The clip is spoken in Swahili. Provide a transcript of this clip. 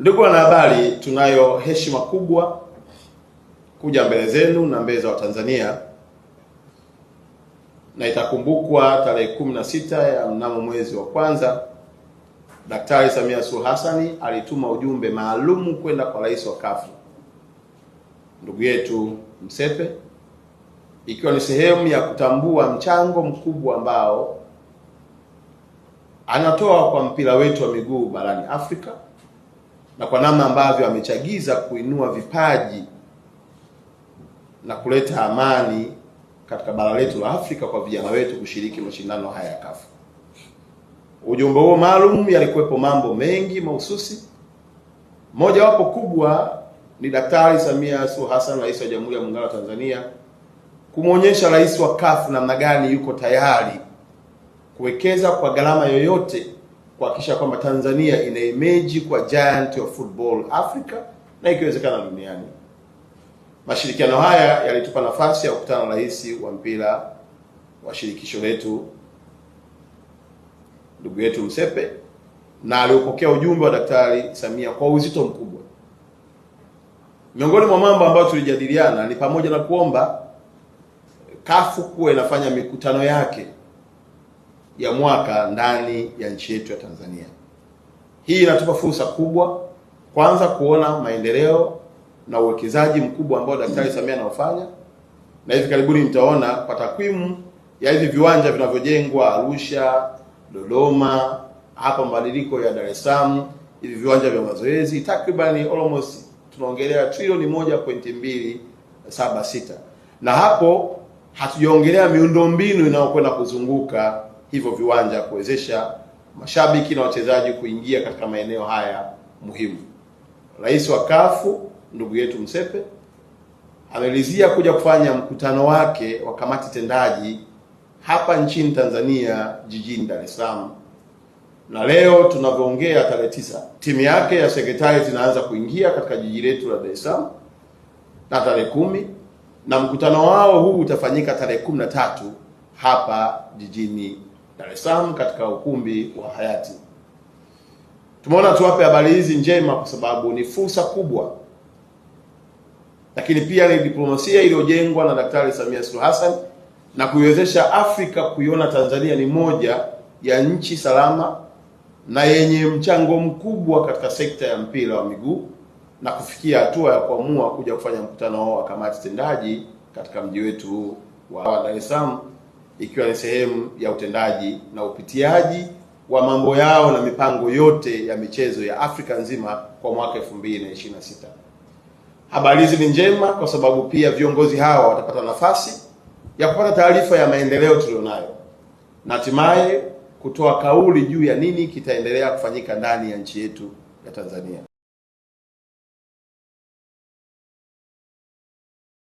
Ndugu wanahabari, tunayo heshima kubwa kuja mbele zenu na mbele za Watanzania, na itakumbukwa tarehe kumi na sita ya mnamo mwezi wa kwanza, Daktari Samia Suluhu Hassan alituma ujumbe maalum kwenda kwa rais wa kafu ndugu yetu Msepe, ikiwa ni sehemu ya kutambua mchango mkubwa ambao anatoa kwa mpira wetu wa miguu barani Afrika na kwa namna ambavyo amechagiza kuinua vipaji na kuleta amani katika bara letu la Afrika kwa vijana wetu kushiriki mashindano haya ya CAF. Ujumbe huo maalum yalikuwepo mambo mengi mahususi, mojawapo kubwa ni Daktari Samia Suluhu Hassan, Rais wa Jamhuri ya Muungano wa Tanzania, kumwonyesha rais wa CAF namna gani yuko tayari kuwekeza kwa gharama yoyote kuhakikisha kwamba Tanzania ina image kwa giant of football Africa na ikiwezekana duniani. Mashirikiano haya yalitupa nafasi ya kukutana na rais wa mpira wa shirikisho letu ndugu yetu Msepe, na aliupokea ujumbe wa Daktari Samia kwa uzito mkubwa. Miongoni mwa mambo ambayo tulijadiliana ni pamoja na kuomba kafu kuwa inafanya mikutano yake ya mwaka ndani ya nchi yetu ya Tanzania. Hii inatupa fursa kubwa kwanza kuona maendeleo na uwekezaji mkubwa ambao Daktari Samia anaofanya, na hivi karibuni mtaona kwa takwimu ya hivi viwanja vinavyojengwa Arusha, Dodoma, hapa mabadiliko ya Dar es Salaam, hivi viwanja vya mazoezi takribani almost tunaongelea trilioni moja pointi mbili saba sita na hapo hatujaongelea miundombinu inayokwenda kuzunguka hivyo viwanja kuwezesha mashabiki na wachezaji kuingia katika maeneo haya muhimu. Rais wa Kafu ndugu yetu Msepe amelizia kuja kufanya mkutano wake wa kamati tendaji hapa nchini Tanzania jijini Dar es Salaam, na leo tunavyoongea tarehe tisa timu yake ya sekretarieti inaanza kuingia katika jiji letu la Dar es Salaam na tarehe kumi na mkutano wao huu utafanyika tarehe kumi na tatu hapa jijini Dar es Salaam katika ukumbi wa Hayati. Tumeona tuwape habari hizi njema kwa sababu ni fursa kubwa, lakini pia ni diplomasia iliyojengwa na Daktari Samia Suluhu Hassan na kuiwezesha Afrika kuiona Tanzania ni moja ya nchi salama na yenye mchango mkubwa katika sekta ya mpira wa miguu na kufikia hatua ya kuamua kuja kufanya mkutano wao wa kamati tendaji katika mji wetu wa Dar es Salaam ikiwa ni sehemu ya utendaji na upitiaji wa mambo yao na mipango yote ya michezo ya Afrika nzima kwa mwaka 2026. Habari hizi ni njema kwa sababu pia viongozi hawa watapata nafasi ya kupata taarifa ya maendeleo tulionayo na hatimaye kutoa kauli juu ya nini kitaendelea kufanyika ndani ya nchi yetu ya Tanzania.